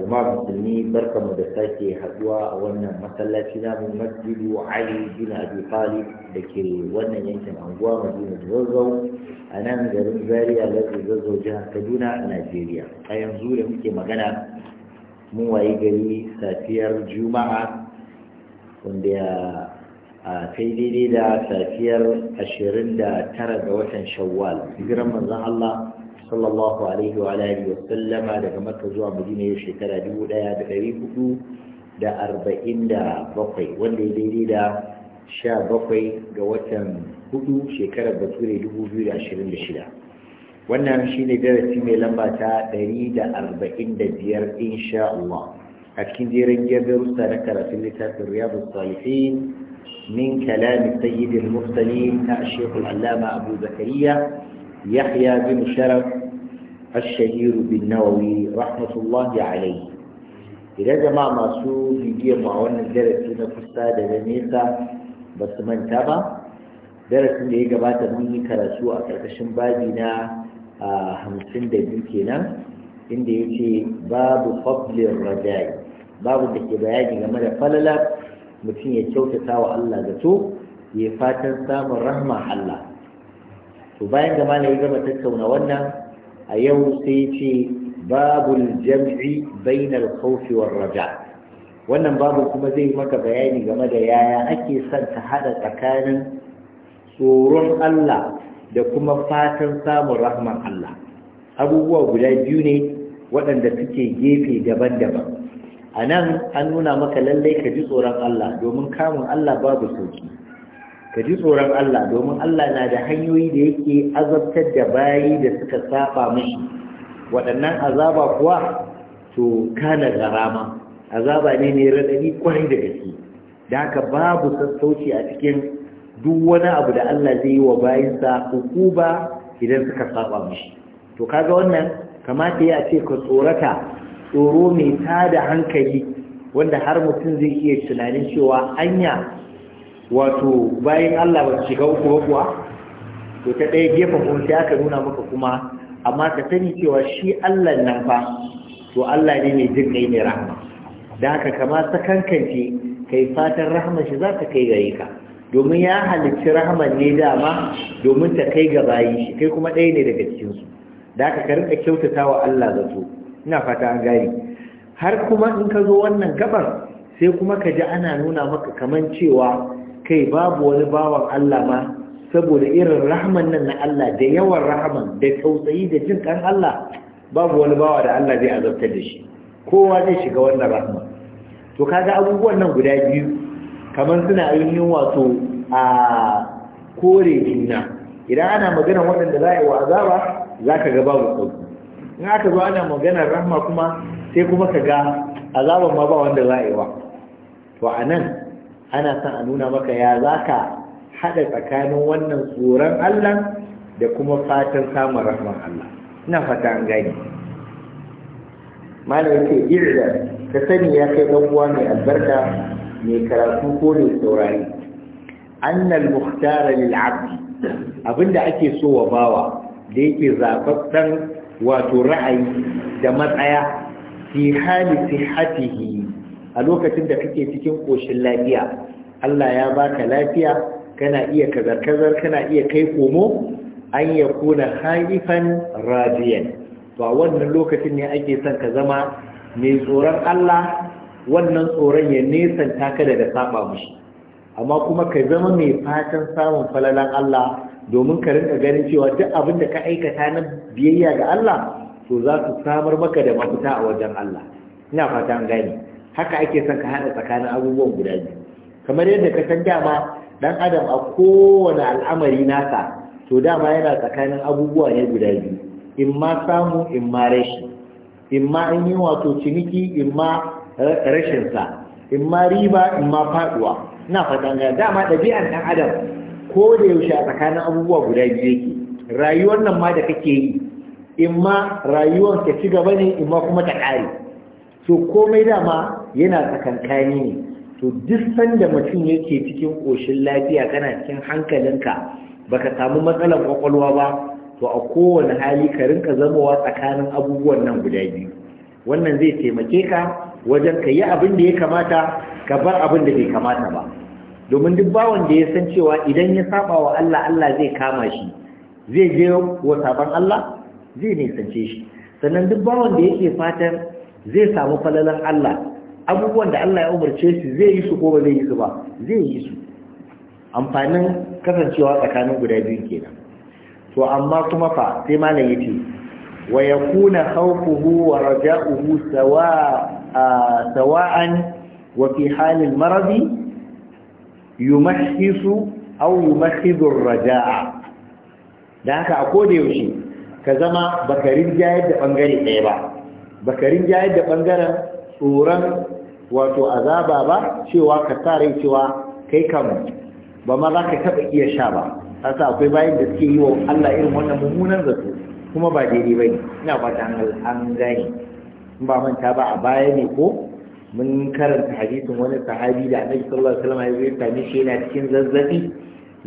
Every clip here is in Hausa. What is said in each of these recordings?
jama'a musulmi mu da sake haduwa a wannan masallaci namu masjidu ali bin abi talib da ke wannan yankin anguwa madina zazzau a nan garin zariya lafi zazzau jihar kaduna a najeriya a yanzu da muke magana mun wayi gari safiyar juma'a wanda ya a kai daidai da safiyar ashirin da tara ga watan shawwal hijiran manzon allah sallallahu alaihi wa alihi wa sallama daga makka zuwa madina yau shekara 1447 wanda ya daidai da 17 ga watan hudu shekarar bature 2026 wannan shine darasi mai lamba ta 145 insha Allah a cikin jerin darussa na karatun littafin riyadus salihin min kalamin sayyidil mursalin na shekul allama abu zakariya يحيى بن شرف الشهير بالنووي رحمة الله عليه إذا جمع ماسو في معون الدرس هنا في السادة لنيسا بس من تبع درس اللي يجبات مني كرسوء كرتشن بابنا همسين دبيو كنا inda ya ce babu fablin rajai babu da ke bayani game da falala mutum ya kyautata wa Allah zato ya fatan samun rahma Allah to bayan da malai gama tattauna wannan a yau sai ce babul jam'i bainal khawfi war raja wannan babu kuma zai maka bayani game da yaya ake son ta hada tsakanin tsoron Allah da kuma fatan samun rahman Allah abubuwa guda biyu ne waɗanda suke gefe daban-daban a nan an nuna maka lallai ka ji tsoron Allah domin kamun Allah babu sauki ka ji tsoron Allah domin Allah na da hanyoyi da yake azabtar da bayi da suka saba mashi. waɗannan azaba kuwa to kana garama azaba ne mai raɗaɗi kwarai da gaske da haka babu sassauci a cikin duk wani abu da Allah zai yi wa bayinsa hukuba idan suka saba mashi. to kaga wannan kamata ya ce ka tsorata tsoro mai tada hankali wanda har mutum zai iya tunanin cewa hanya. wato bayan Allah ba shiga uku ba kuwa to ta ɗaya gefen kuma sai aka nuna maka kuma amma ka sani cewa shi Allah nan fa to Allah ne mai jin kai mai rahama da haka kama ta kankance kai fatan rahama shi za ta kai gare ka domin ya halicci rahaman ne dama domin ta kai ga bayi shi kai kuma ɗaya ne daga cikin su da haka ka rinka kyautata wa Allah zato ina fata an gane har kuma in ka zo wannan gabar, sai kuma ka ji ana nuna maka kaman cewa kai babu wani bawan Allah ma saboda irin rahman nan na Allah da yawan rahman da tausayi da jin kan Allah babu wani bawa da Allah zai azabtar da shi kowa zai shiga wannan rahman to kaga abubuwan nan guda biyu kamar suna ainihin wato a kore juna idan ana magana waɗanda za a yi wa azaba za ka ga babu sauki in aka zo ana magana rahma kuma sai kuma ka ga azaban ma ba wanda za a yi wa to a nan ana son a nuna maka ya za ka haɗa tsakanin wannan tsoron Allah da kuma fatan samun rahman Allah ina fata an gani malam yake irda da sani ya kai ɗan uwa mai albarka mai karatu ko mai saurari annal muhtara lil abdi abinda ake so wa bawa da yake zababban wato ra'ayi da matsaya fi hali sihhatihi a lokacin da kake cikin koshin lafiya Allah ya baka lafiya kana iya kazar-kazar kana iya kai komo an ya kuna haifan radiyan to a wannan lokacin ne ake son ka zama mai tsoron Allah wannan tsoron ya nesanta ka daga saba mushi amma kuma ka zama mai fatan samun falalan Allah domin ka rinka ganin cewa duk abin da ka aikata na biyayya ga Allah to za su samar maka da mafita a wajen Allah ina fata an gane haka ake son ka haɗa tsakanin abubuwan guda biyu kamar yadda ka san dama dan adam a kowane al'amari nasa to dama yana tsakanin abubuwa ne guda biyu in ma samu in ma rashi in ma an yi wato ciniki in ma rashin sa in ma riba in ma faduwa ina fatan ga dama ɗabi'an dan adam ko da yaushe a tsakanin abubuwa guda biyu yake rayuwar nan ma da kake yi in ma rayuwar ka ci gaba ne in ma kuma ta kare to komai dama yana tsakankani ne to duk sanda mutum yake cikin koshin lafiya kana cikin hankalinka baka samu matsalar kwakwalwa ba to a kowane hali ka rinka zamowa tsakanin abubuwan nan guda biyu wannan zai taimake ka wajen ka yi abin da ya kamata ka bar abin da bai kamata ba domin duk bawan da ya san cewa idan ya saba wa Allah Allah zai kama shi zai je wa saban Allah zai nisance shi sannan duk bawan da yake fatan zai samu falalan Allah abubuwan da Allah ya umarce su zai yi su ko ba zai yi su ba zai yi su amfanin kasancewa tsakanin guda biyu kenan to amma kuma fa sai malam yace wa yakuna khawfuhu wa raja'uhu sawa sawa'an wa fi halil maradi yumahhisu aw yumahhidu ar-raja'a da haka a koda yaushe ka zama bakarin jayar da bangare ɗaya ba bakarin jayar da bangaren tsoron wato azaba ba cewa ka rai cewa kai kam ba ma za ka taɓa iya sha ba kasa akwai bayan da suke yi wa Allah irin wannan mummunan zato kuma ba daidai ba ne ina fata an gane in ba manta ba a baya ne ko mun karanta hadisin wani sahabi da annabi sallallahu alaihi wasallam ya zo ya same shi yana cikin zazzabi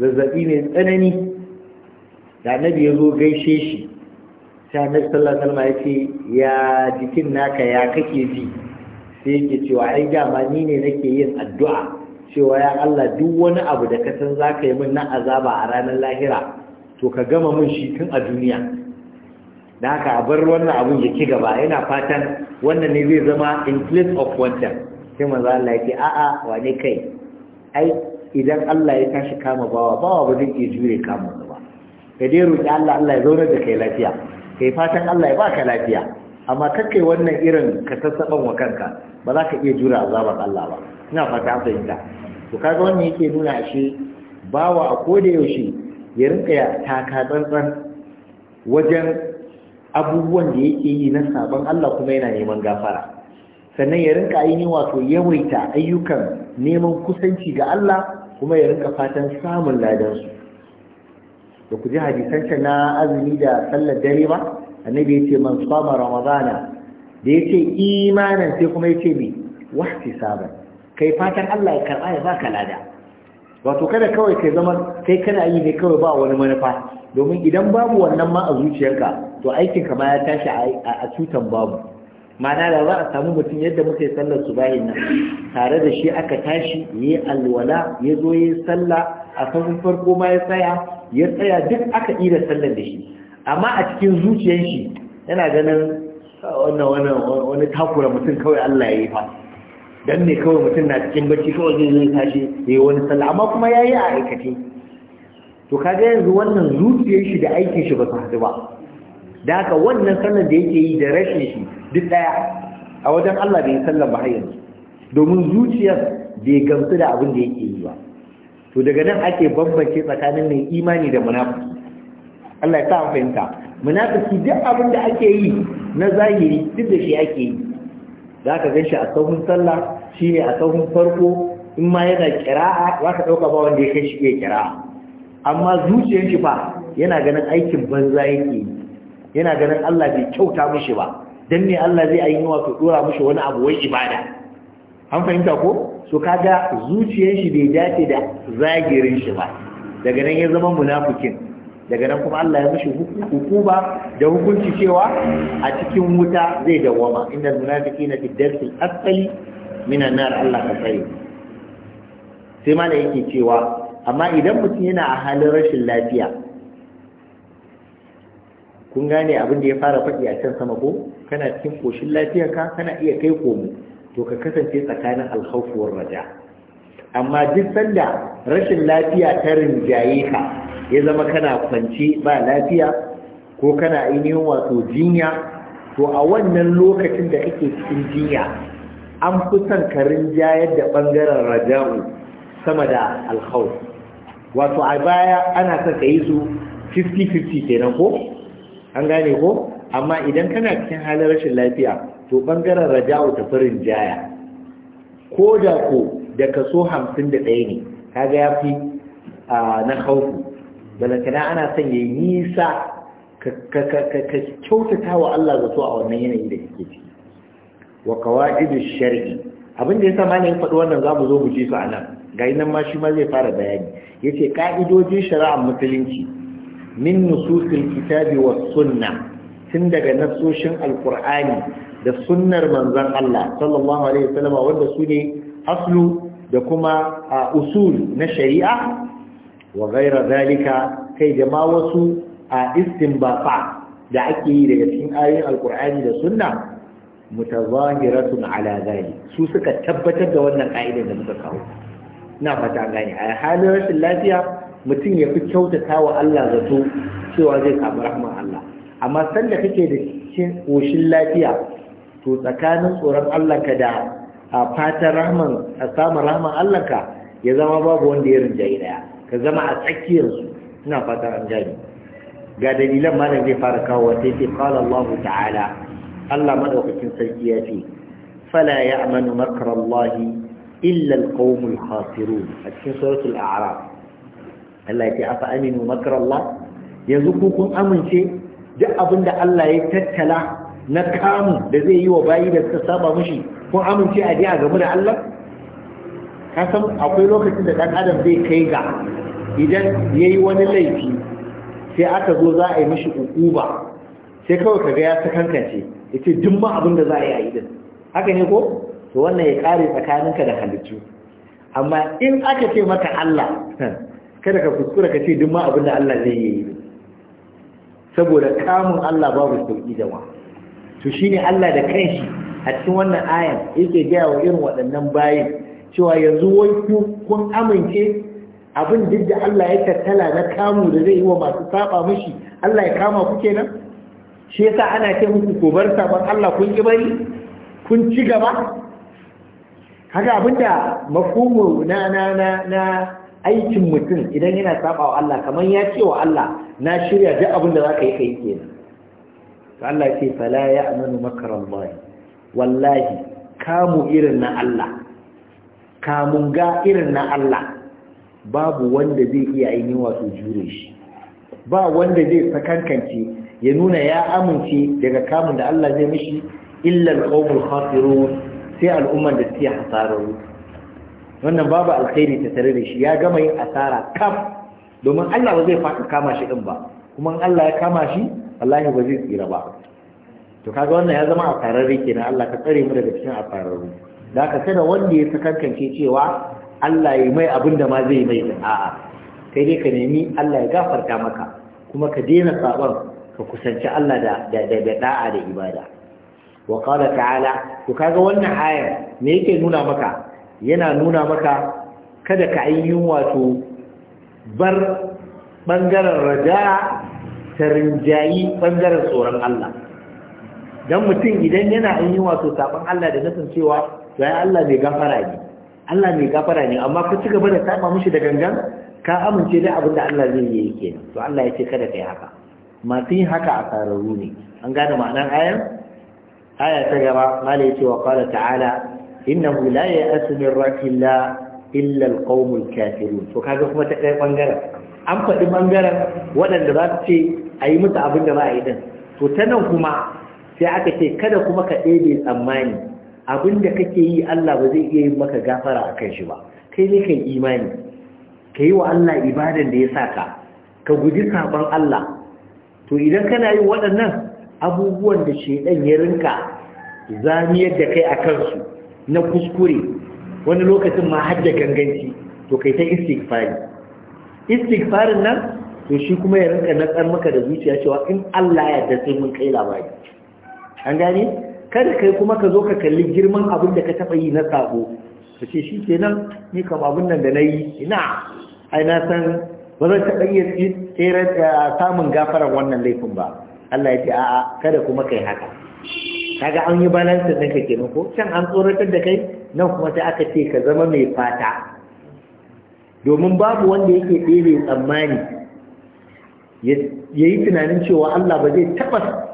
zazzabi mai tsanani da annabi ya zo gaishe shi sai annabi sallallahu alaihi wasallam ya ce ya jikin naka ya kake ji sai yake cewa ai dama ni ne nake yin addu'a cewa ya Allah duk wani abu da ka san zaka yi min na azaba a ranar lahira to ka gama min shi tun a duniya da haka a bar wannan abun ya ci gaba yana fatan wannan ne zai zama in place of wancan sai manzo Allah yake a'a wane kai ai idan Allah ya tashi kama bawa bawa ba zai iya jure kama ba ka dai roki Allah Allah ya zaunar da kai lafiya kai fatan Allah ya baka lafiya amma kake wannan irin ka sassaban wa kanka ba za ka iya jura azabar Allah ba ina fata fahimta to kaga wannan yake nuna ashe bawa a koda yaushe ya rinka ya taka tsantsan wajen abubuwan da yake yi na sabon Allah kuma yana neman gafara sannan ya rinka ainihin wato yawaita ayyukan neman kusanci ga Allah kuma ya rinka fatan samun ladansu da ku ji hadisan na azumi da sallar dare ba annabi yace man sama ramadana da yace imanin sai kuma yace me wahtisaban kai fatan Allah ya karba ya baka lada wato kada kawai kai zama kai kana yi ne kawai ba wani manufa domin idan babu wannan ma a zuciyarka to aikin ka ma ya tashi a cutan babu ma'ana da za a samu mutum yadda muka yi sallar subahin nan tare da shi aka tashi yi alwala ya zo yi sallah a safin farko ma ya tsaya ya tsaya duk aka ira sallar da shi amma a cikin zuciyar shi yana ganin ah, wannan wani takura mutum kawai Allah ya yi fa don ne kawai mutum na cikin bacci kawai zai zai tashi ya yi wani sallah amma kuma ya yi a aikace to kaga yanzu wannan zuciyar shi da aikin shi ba su haɗu ba da haka wannan sallar da yake yi da rashin shi duk ɗaya a wajen Allah bai sallar ba har yanzu domin zuciyar bai gamsu da abin da yake yi ba to daga nan ake bambance tsakanin mai imani da munafiki Allah ya sa fahimta munafiki duk abin da ake yi na zahiri duk da shi ake yi za ka gan shi a tsohon sallah shi ne a tsohon farko in ma yana kira'a za ka ɗauka ba wanda ya kai shi iya kira'a amma zuciyar shi fa yana ganin aikin banza yake yi yana ganin Allah bai kyauta mishi ba dan ne Allah zai ayi to dora mishi wani abu wai ibada an fahimta ko so ga zuciyar shi bai dace da zagirin shi ba daga nan ya zama munafikin daga nan kuma Allah ya mishi hukuba da hukunci cewa a cikin wuta zai dawama inda munafiki na fiddarsi asali minan nar Allah ka tsaye sai ma yake cewa amma idan mutum yana a halin rashin lafiya kun gane abin da ya fara faɗi a can sama ko kana cikin koshin lafiyarka kana iya kai komo to ka kasance tsakanin alhaufuwar raja amma duk sanda rashin lafiya ta rinjaye ka ya zama kana kwance ba lafiya ko kana ainihin wato jinya to a wannan lokacin da kake cikin jinya an fi son ka rinjayar da ɓangaren raja'u sama da alhau wato a baya ana son ka yi su 50-50 kenan ko an gane ko amma idan kana cikin halin rashin lafiya to ɓangaren raja'u ta fi rinjaya ko da ko da kaso hamsin da ɗaya ne kaga ya fi na haufu balantana ana son ya yi nisa ka kyautata wa Allah zato a wannan yanayi da kake ciki wa qawaidu shar'i abin da yasa malamin faɗi wannan zamu zo mu ji su anan ga nan ma shi ma zai fara bayani yace ka'idojin shari'ar musulunci min nususil kitabi was tun daga nasoshin alkur'ani da sunnar manzon Allah sallallahu alaihi wasallam wanda su ne aslu da kuma a usul na shari'a wa gaira zalika kai da ma wasu a istinbafa da ake yi daga cikin ayoyin alkur'ani da sunna mutazahiratun ala zalik su suka tabbatar da wannan ka'idar da muka kawo ina fata gane a halin rashin lafiya mutum ya fi kyautata wa Allah zato cewa zai samu rahman Allah amma sanda kake da cikin koshin lafiya to tsakanin tsoron Allah ka da a fatan rahman a samun rahman allaka ya zama babu wanda ya rinjaye daya ka zama a tsakiyarsu ina fatan an jami ga dalilan malam zai fara kawo wata yake qala Allah ta'ala Allah madaukakin sarki ya ce fala ya'manu makra Allah illa alqawmul khasirun a cikin suratul a'raf Allah ya ce afa aminu makra Allah yanzu ku kun amince duk abinda Allah ya tattala na kamun da zai yi wa bayi da suka saba mushi kun amince a a gamu da Allah ka san akwai lokacin da ɗan adam zai kai ga idan ya yi wani laifi sai aka zo za a yi mashi ukuba sai kawai ka gaya ya sakankance ya ce duk ma abin da za a yi a yi haka ne ko to wannan ya kare tsakaninka da halittu amma in aka ce maka Allah kada ka kuskura ka ce duk ma abin da Allah zai yi saboda kamun Allah babu sauki wa to shine Allah da kanshi a cikin wannan ayan yake gaya wa irin waɗannan bayin cewa yanzu wai kun amince abin duk da Allah ya tattala na kamu da zai yi wa masu saba mishi Allah ya kama ku kenan shi yasa ana ce muku ko bar saban Allah kun ki bari kun ci gaba haka abinda mafhumu na na na na aikin mutum idan yana saba wa Allah kamar ya ce wa Allah na shirya duk abin da zaka yi kai kenan Allah ya ce fala ya'manu makarallahi wallahi kamu irin na Allah kamun ga irin na Allah babu wanda zai iya ainihin wato jure shi ba wanda zai sakankance ya nuna ya amince daga kamun da Allah zai mishi illa al-qawmul khasirun sai al'umman da suke hasararru wannan babu alkhairi ta tare da shi ya gama yin asara kaf domin Allah ba zai faɗi kama shi din ba kuma Allah ya kama shi wallahi ba zai tsira ba to kaga wannan ya zama a fararre kenan Allah ka tsare mu daga cikin a da ka da wanda ya sakankance cewa Allah ya mai abin da ma zai mai da a'a kai dai ka nemi Allah ya gafarta maka kuma ka daina saban ka kusanci Allah da da da da'a da ibada wa qala ta'ala to kaga wannan ayar me yake nuna maka yana nuna maka kada ka ayyun wato bar bangaren raja ta rinjayi bangaren tsoron Allah dan mutum idan yana an yi wato saban Allah da nufin cewa to yi Allah mai gafara ne Allah mai gafara ne amma ka ci gaba da saba mushi da gangan ka amince da abin da Allah zai yi kenan to Allah ya ce kada kai haka masu yin haka a sararu ne an gane ma'anar ayan aya ta gaba mala ya ce wa qala ta'ala inna la ya'asu min rahillah illa alqaumul kafirun to kaga kuma ta ɗaya bangaren an faɗi bangaren waɗanda za su ce a yi musu abin da ba a yi din to ta nan kuma sai aka ce kada kuma ka ɗebe tsammani abinda kake yi Allah ba zai iya yi maka gafara a kan shi ba kai ne kan imani ka yi wa Allah ibadan da ya sa ka ka guji sabon Allah to idan kana yi waɗannan abubuwan da shaidan ya rinka zamiyar da kai a kansu na kuskure wani lokacin ma ganganci to kai ta istighfari istighfarin nan to shi kuma ya rinka tsar maka da zuciya cewa in Allah ya yarda sai mun kai labari an gane kada kai kuma ka zo ka kalli girman abin da ka taba yi na sabo ka ce shi ke nan, ni kam abin nan da na yi ina ai na san ba zan taɓa iya tsere eh, samun gafaran wannan laifin ba Allah ya ce a'a kada kuma kai haka kaga an yi balansin ɗinka kenan ko can an tsoratar da kai nan kuma sai aka ce ka zama mai fata domin babu wanda yake ɗebe tsammani ya yi tunanin cewa Allah ba zai taɓa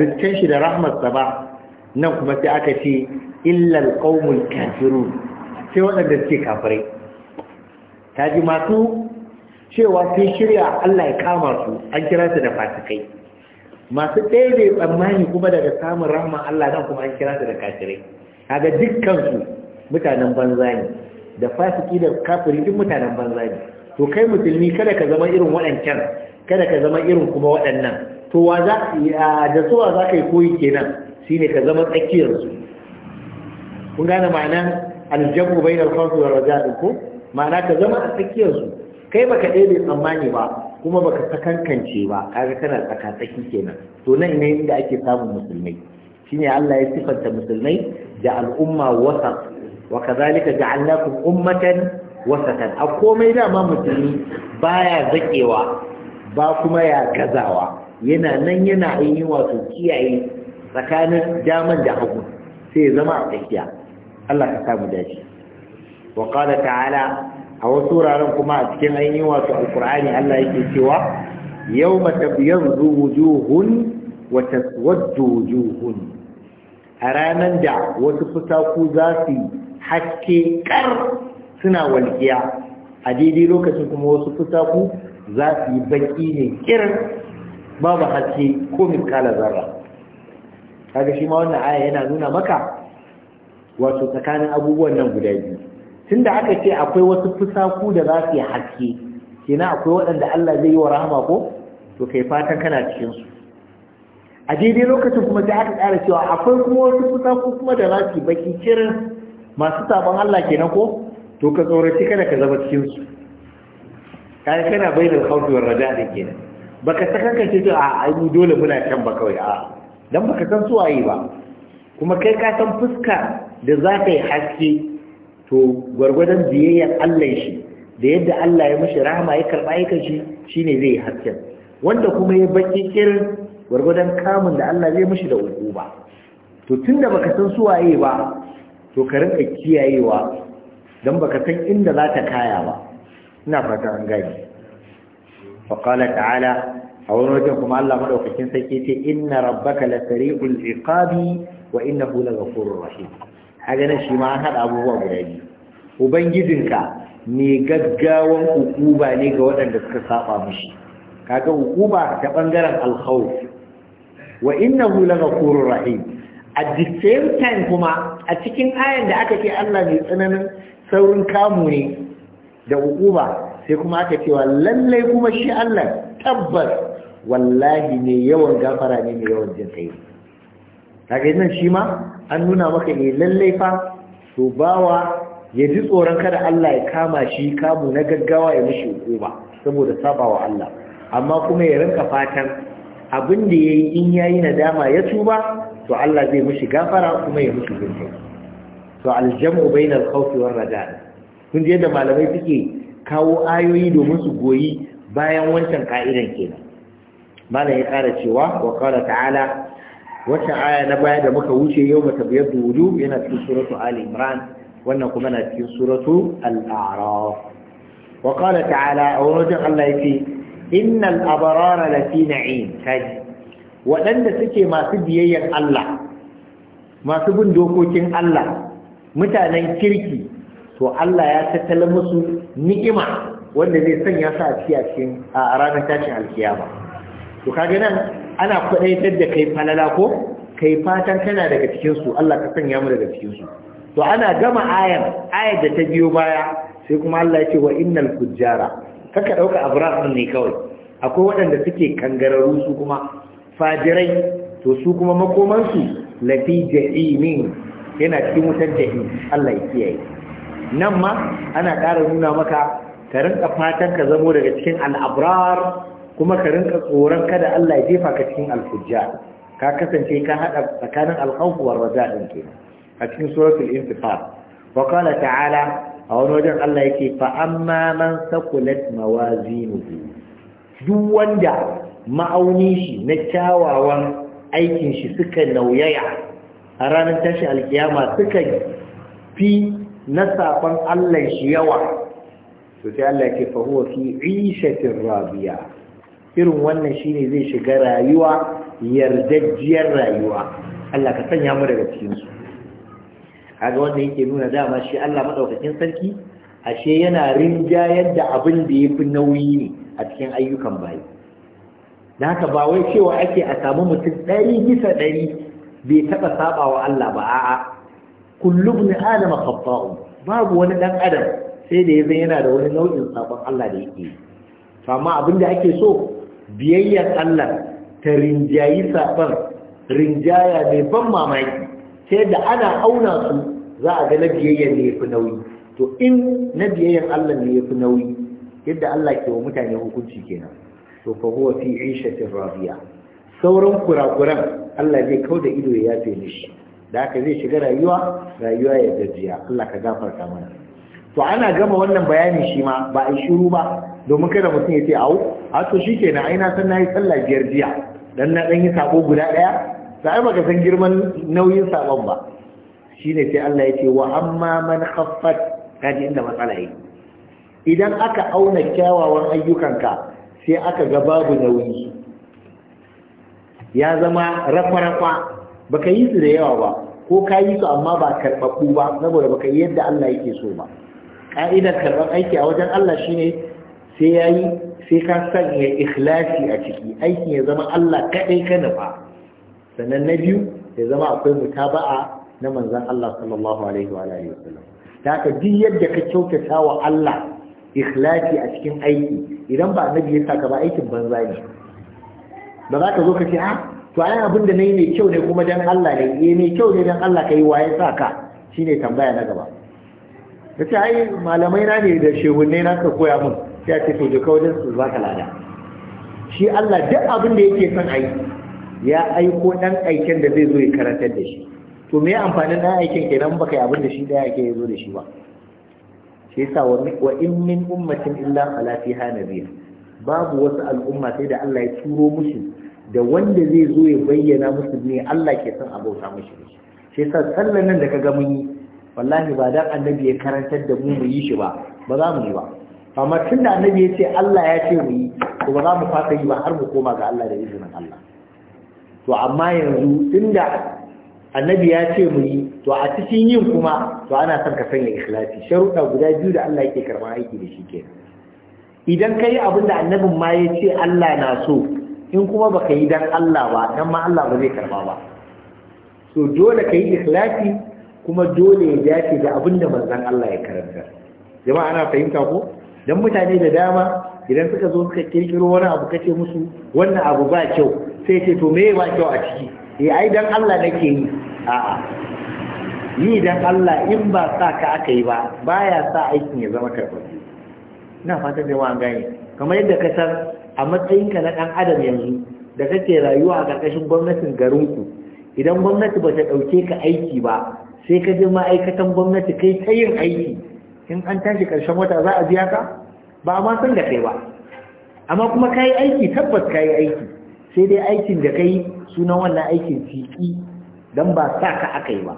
rizkan shi da rahmarsa ba nan kuma sai aka ce illal qaumul kafirun sai waɗanda suke kafirai kaji masu cewa sai shirya Allah ya kama su an kira su da fasikai masu ɗaya bai tsammani kuma daga samun rahman Allah nan kuma an kira su da kafirai kaga su mutanen banza ne da fasiki da kafiri duk mutanen banza ne to kai musulmi kada ka zama irin waɗancan kada ka zama irin kuma waɗannan to wa za da suwa za ka yi koyi kenan shine ka zama tsakiyar su kun gane ma'anan aljabu bainal da war raja'i ko ma'ana ka zama a tsakiyar su kai baka ɗebe tsammani ba kuma baka sakankance ba kaga kana tsaka tsaki kenan to nan ne inda ake samun musulmai shine Allah ya sifanta musulmai da al'umma wasat wa kadhalika ja'alnakum ummatan wasatan a komai dama musulmi baya zakewa ba kuma ya gazawa yana nan yana ainihin wato kiyaye tsakanin daman da hagu sai zama a tsakiya Allah ka samu dace wa qala ta'ala a wasu wuraren kuma a cikin ainihin wato alqur'ani Allah yake cewa yawma tabyaddu wujuhun wa taswaddu wujuhun a ranar da wasu fusaku za su haske kar suna walƙiya a daidai lokacin kuma wasu fusaku za su yi baƙi ne kirin babu haske ko miskala zarra kaga shi ma wannan aya yana nuna maka wato tsakanin abubuwan nan guda biyu tunda aka ce akwai wasu fusaku da za su yi haske kenan akwai waɗanda Allah zai yi wa rahama ko to kai fatan kana cikin su a daidai lokacin kuma sai aka ƙara cewa akwai kuma wasu fusaku kuma da za su yi baki kirin masu sabon Allah kenan ko to ka tsoraci kada ka zama cikin su kana kana bayyana khawfi raja'a da kenan baka sakankace to a ai dole muna can ba kawai a dan baka san su waye ba kuma kai ka san fuska da za ka yi haske to gwargwadon biyayyar Allah shi da yadda Allah ya mishi rahama ya karba ya kashi shine zai yi hasken wanda kuma ya baki kirin gwargwadon kamun da Allah zai mishi da uku ba. to tunda baka san su waye ba to ka rinka kiyayewa dan baka san inda za ta kaya ba ina fata an gani فقال تعالى a wani wajen kuma Allah maɗaukakin sarki ce ina rabbaka la sari'ul iqabi wa innahu la ghafurur rahim haga nan shi ma an hada abubuwa guda biyu ubangijinka ne gaggawan hukuma ne ga waɗanda suka saɓa mishi kaga ukuba da ɓangaren alkhawf wa innahu la ghafurur rahim at the same time kuma a cikin ayan da aka ke Allah mai tsananin saurin kamu ne da ukuba. sai kuma aka cewa lallai kuma shi Allah tabbas wallahi ne yawan gafara ne mai yawan jin kai kaga nan shi ma an nuna maka ne eh lallai fa to bawa ya ji tsoron kada Allah ya kama shi kamu na gaggawa ya mishi hukuma saboda sabawa Allah amma kuma ya rinka fatan abin da yayi in yayi nadama ya tuba to Allah zai mishi gafara kuma ya mishi kai to aljamu bainal khawfi war rajaa kun je da malamai suke kawo ayoyi domin su goyi bayan wancan ka'idan kenan malam ya ƙara cewa wa qala ta'ala wata aya na baya da muka wuce yau mata biyar da wudu yana cikin suratu ali imran wannan kuma na cikin suratu al-a'raf wa qala ta'ala a wurin wajen Allah yake innal abarara lafi na'im kaji waɗanda suke masu biyayyar Allah masu bin dokokin Allah mutanen kirki to Allah ya tattala musu ni'ima wanda zai sanya su a cikin a ranar tashin alkiyama to kaga nan ana kwadaitar da kai falala ko kai fatan kana daga cikin su Allah ka sanya mu daga cikin su to ana gama ayar ayar da ta biyo baya sai kuma Allah ya ce wa innal fujjara kaka dauka abrar ne kawai akwai waɗanda suke kangararru su kuma fajirai to su kuma makomansu, su lafi yana cikin wutar jahim Allah ya kiyaye nan ma ana ƙara nuna maka ka rinka fatan ka zamo daga cikin al'abrar kuma ka rinka tsoron kada Allah ya jefa ka cikin alfujja ka kasance ka haɗa tsakanin alkhawfu war raja din a cikin suratul intifar wa qala ta'ala a wani wajen Allah yake fa amma man sakulat mawazinuhu duk wanda ma'auni shi na kyawawan aikin shi suka nauyaya a ranar tashi alkiyama suka fi na saban Allah shi yawa to sai Allah ya ce fa huwa fi 'ishatin rabiya irin wannan shine zai shiga rayuwa yardajjiyar rayuwa Allah ka sanya mu daga cikin su kaga wanda yake nuna dama shi Allah madaukakin sarki ashe yana rinjayar da abin da yafi nauyi ne a cikin ayyukan bayi da haka ba wai cewa ake a samu mutum ɗari bisa ɗari bai taɓa saɓa wa Allah ba a'a kullu ibn adama khata'un babu wani dan adam sai da yazo yana da wani nau'in sabon Allah da yake to amma da ake so biyayyar Allah ta rinjayi sabon rinjaya mai ban mamaki sai da ana auna su za a ga na biyayyar ne yafi nauyi to in na biyayyar Allah ne yafi nauyi yadda Allah ke wa mutane hukunci kenan to fa huwa fi 'ishatin rabiya sauran kurakuran Allah zai kauda ido ya yafe shi da ka zai shiga rayuwa rayuwa ya gajiya Allah ka gafarta mana to ana gama wannan bayani shi ma ba a shiru ba domin kada mutum ya ce au a to shi kenan ai na san nayi sallah biyar jiya dan na dan yi sabo guda daya sai baka san girman nauyin sabon ba shine sai Allah ya ce wa amma man khaffat kaji inda matsala yi idan aka auna kyawawan ayyukanka sai aka ga babu nauyi ya zama rafa-rafa baka yi su da yawa ba ko ka yi su amma ba karɓaɓɓu ba saboda baka yi yadda Allah yake so ba ka'idar karɓar aiki a wajen Allah shine sai yayi sai ka sanya ikhlasi a ciki aikin ya zama Allah kaɗai ka nufa sannan na biyu ya zama akwai mutaba'a na manzon Allah sallallahu alaihi wa alihi wasallam da ka duk yadda ka kyautata wa Allah ikhlasi a cikin aiki idan ba annabi ya saka ba aikin banza ne ba za ka zo ka ce a ah, to ai abin da nayi mai kyau ne kuma dan Allah ne eh mai kyau ne dan Allah kai waye sa ka shine tambaya na gaba kace ai malamai na ne da shehunne na ka koya mun sai ce to je wajen su zaka lada shi Allah duk abin da yake son ai ya aiko dan aikin da zai zo ya karantar da shi to me amfanin dan aiken kenan baka yi abin da shi da yake zo da shi ba shi yasa wa in min ummatin illa ala fiha nabiy babu wasu al'umma sai da Allah ya turo musu da wanda zai zo ya bayyana musu ne Allah ke son abauta mashi shi Sai sa sallan nan da ka ga mun yi wallahi ba dan annabi ya karantar da mu mu yi shi ba ba za mu yi ba amma tunda annabi ya ce Allah ya ce mu yi to ba za mu fasa yi ba har mu koma ga Allah da izinin Allah to amma yanzu tunda annabi ya ce mu yi to a cikin yin kuma to ana son ka sanya ikhlasi sharuɗa guda biyu da Allah yake karɓar aiki da shi kenan idan kai abin da annabin ma ya ce Allah na so in kuma baka yi don Allah ba don ma Allah ba zai karba ba so dole ka yi ikhlasi kuma dole ya dace da abin da manzon Allah ya karanta jama'a ana fahimta ko dan mutane da dama idan suka zo suka kirkiro wani abu kace musu wannan abu ba kyau sai ce to me ba kyau a ciki eh ai dan Allah nake yi a'a yi dan Allah in ba sa ka aka yi ba baya sa aikin ya zama karfafi ina fatan jama'a gane kamar yadda ka san a matsayinka na ɗan adam yanzu da kake rayuwa a ƙarƙashin gwamnatin garinku idan gwamnati ba ta ɗauke ka aiki ba sai ka je ma'aikatan gwamnati kai ta yin aiki in an tashi ƙarshen wata za a biya ka ba a ma san da kai ba amma kuma ka yi aiki tabbas ka yi aiki sai dai aikin da ka yi sunan wannan aikin fiƙi don ba sa ka aka yi ba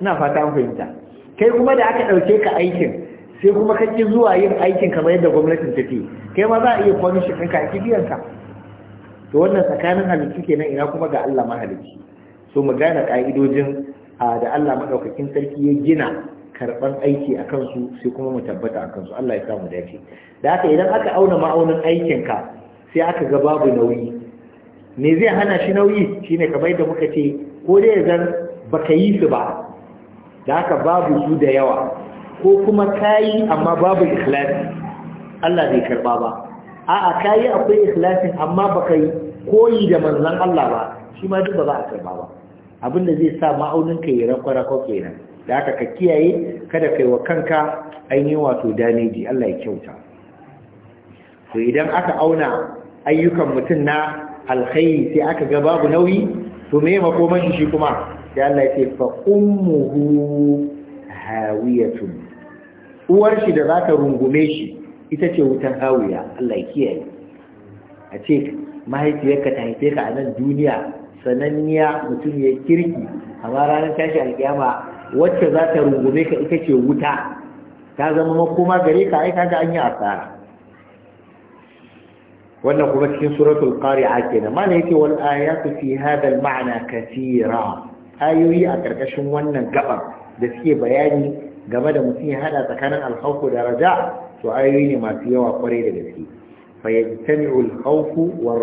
ina fata fahimta kai kuma da aka ɗauke ka aikin sai kuma ka ƙi zuwa yin aikin kamar yadda gwamnatin take kai ma za a iya kwanin shi kanka a biyan ka to wannan tsakanin halittu kenan ina kuma ga Allah mahalicci so mu gane ka'idojin da Allah madaukakin sarki ya gina karban aiki a kansu sai kuma mu tabbata a kansu Allah ya samu dace da haka idan aka auna ma'aunin aikin ka sai aka ga babu nauyi me zai hana shi nauyi shine kamar da muka ce ko dai zan baka yi su ba da haka babu su da yawa ko kuma kayi amma babu ikhlasi Allah bai karba ba a'a kayi akwai ikhlasin amma baka yi koyi da manzon Allah ba shi ma duk ba za a karba ba abinda zai sa ma'aunin ka yi rakwa-rakwa kenan da haka ka kiyaye kada kai wa kanka ainihin wato daneji Allah ya kyauta to idan aka auna ayyukan mutum na alkhairi sai aka ga babu nauyi to me makoman shi kuma sai Allah ya ce fa ummuhu hawiyatun uwar shi da zaka rungume shi ita ce wutan hawiya Allah ya kiyaye a ce mahaifiyarka ta haife ka a nan duniya sananniya mutum ya kirki amma ranar tashi alƙiyama wacce za ta rungume ka ita ce wuta ta zama makoma gare ka ai kaga an yi asara wannan kuma cikin suratul qari'a kenan mana yake wal ayatu fi hada al ma'na kathira ayoyi a karkashin wannan gabar da suke bayani game da mutum ya hada tsakanin alkhawfu da raja to ayoyi ne masu yawa kwarai da gaske fa yajtami'u alkhawfu war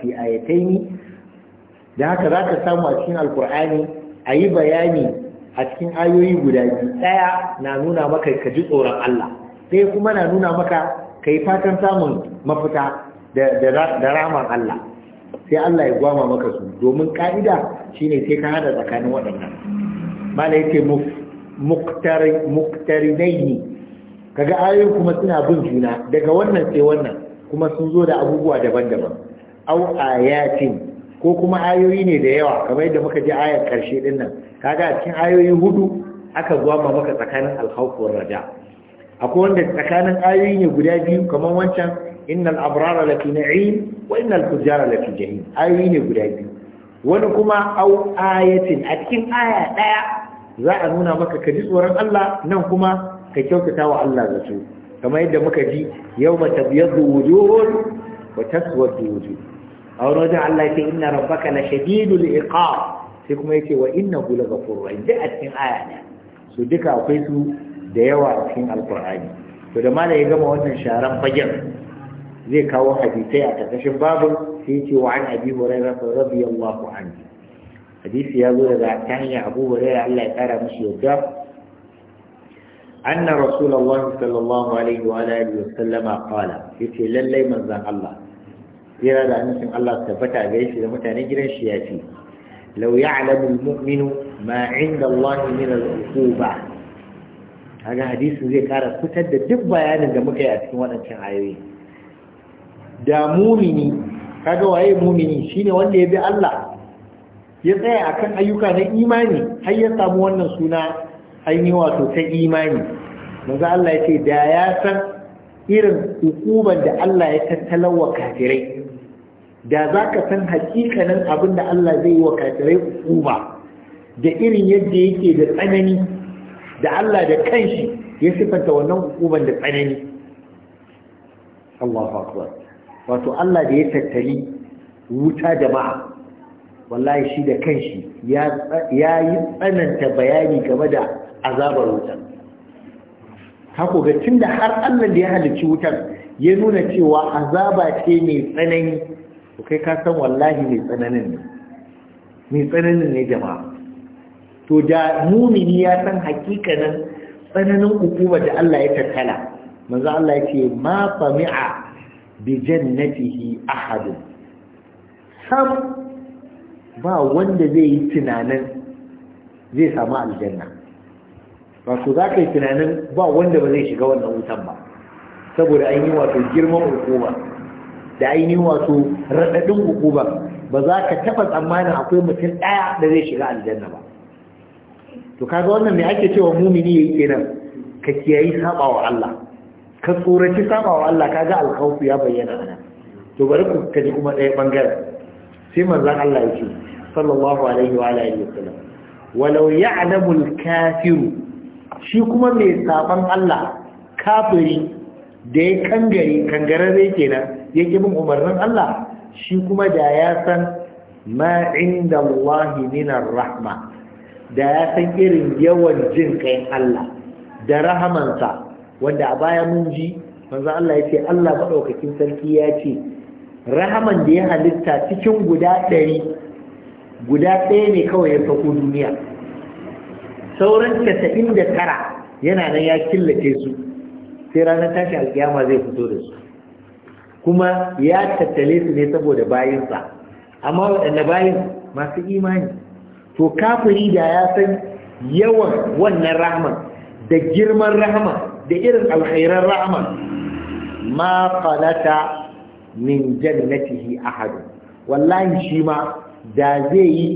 fi ayatayn da haka zaka samu a cikin a ayi bayani a cikin ayoyi guda biyu Ɗaya na nuna maka ka ji tsoron Allah sai kuma na nuna maka kai fatan samun mafita da raman Allah sai Allah ya gwama maka su domin ka'ida shine sai ka hada tsakanin waɗannan mala yake muqtarinaini kaga ayoyin kuma suna bin juna daga wannan sai wannan kuma sun zo da abubuwa daban-daban au ayatin ko kuma ayoyi ne da yawa kamar yadda muka ji ayar karshe din nan kaga a cikin ayoyi hudu aka gwama maka tsakanin alhaukuwar raja akwai wanda tsakanin ayoyi ne guda biyu kamar wancan innal abrara lafi na'im wa innal fujara lafi jahim ayoyi ne guda biyu wani kuma au ayatin a cikin aya daya za a nuna maka ka ji tsoron Allah nan kuma ka kyautata wa Allah su. kamar yadda muka ji yau ma tabyadu wujuhun wa taswadu wujuh a wani wajen Allah yake inna rabbaka la shadidul iqab sai kuma yake wa innahu la ga rahim ji a cikin aya ne su duka akwai su da yawa a cikin alkur'ani to da malai ya gama wannan sharan fagen zai kawo hadisai a karkashin babu sai yake wa an abi hurairah radiyallahu anhu hadisi ya zo daga ta hanyar abu hurairah Allah ya kara mishi yadda anna rasulullahi sallallahu alaihi wa alihi wa sallama qala yace lallai manzon Allah yana da annabin Allah tabbata ga shi da mutanen gidan shi ya ce law ya'lamu al-mu'minu ma 'inda Allah min al-uquba kaga zai kara fitar da duk bayanin da muka yi a cikin waɗancan ayoyi da mumini kaga waye mumini shine wanda ya bi Allah ya tsaya a kan ayyuka na imani har ya samu wannan suna yi wato ta imani maza Allah ya ce da ya san irin hukumar da Allah ya tattalar wa kafirai da za ka san hakikanin abin da Allah zai yi wa kafirai hukuma da irin yadda yake da tsanani da Allah da kanshi ya sifanta wannan hukumar da tsanani Allah wato Allah da ya tattali wuta jama'a wallahi shi da kanshi ya yi tsananta bayani game da azabar wutar haku ga tun da har allah da ya halarci wutar ya nuna cewa azaba ce mai tsanani to kai ka san wallahi mai tsananin ne mai tsananin ne jama'a to da mumini ya san hakikanin tsananin hukuma da Allah ya tattala manzo Allah ya ce ma fami'a bi jannatihi ahadun ba wanda zai yi tunanin zai samu aljanna wato za ka yi tunanin ba wanda ba zai shiga wannan wutan ba saboda an yi wato girman hukuma da an yi wato raɗaɗin hukuma ba za ka taɓa tsammanin akwai mutum ɗaya da zai shiga aljanna ba to kaga wannan me ake cewa mumini yayi kenan ka kiyayi saba wa Allah ka tsoraci saba wa Allah kaga alkhawfu ya bayyana ana to bari ku kaji kuma ɗaya bangaren sai manzan Allah yake sallallahu alaihi wa alihi sallam walau ya'lamul kafiru shi kuma mai saban Allah kafiri da ya kangare zai kenan yake bin umarnin Allah shi kuma da ya san ma inda Allahi rahma da ya san irin yawan jin kayan Allah da rahamansa wanda a baya mun ji manzo Allah ya Allah madaukakin sarki ya ce rahaman da ya halitta cikin guda ɗari guda ɗaya ne kawai ya sauko duniya sauran casa'in da tara yana nan ya killace su sai ranar tashi alƙiyama zai fito da su kuma ya tattale su ne saboda bayinsa amma waɗanda bayin masu imani to kafiri da ya san yawan wannan rahman da girman rahman da irin alhairan rahman ma falata min jannatihi ahad wallahi shi ma da zai yi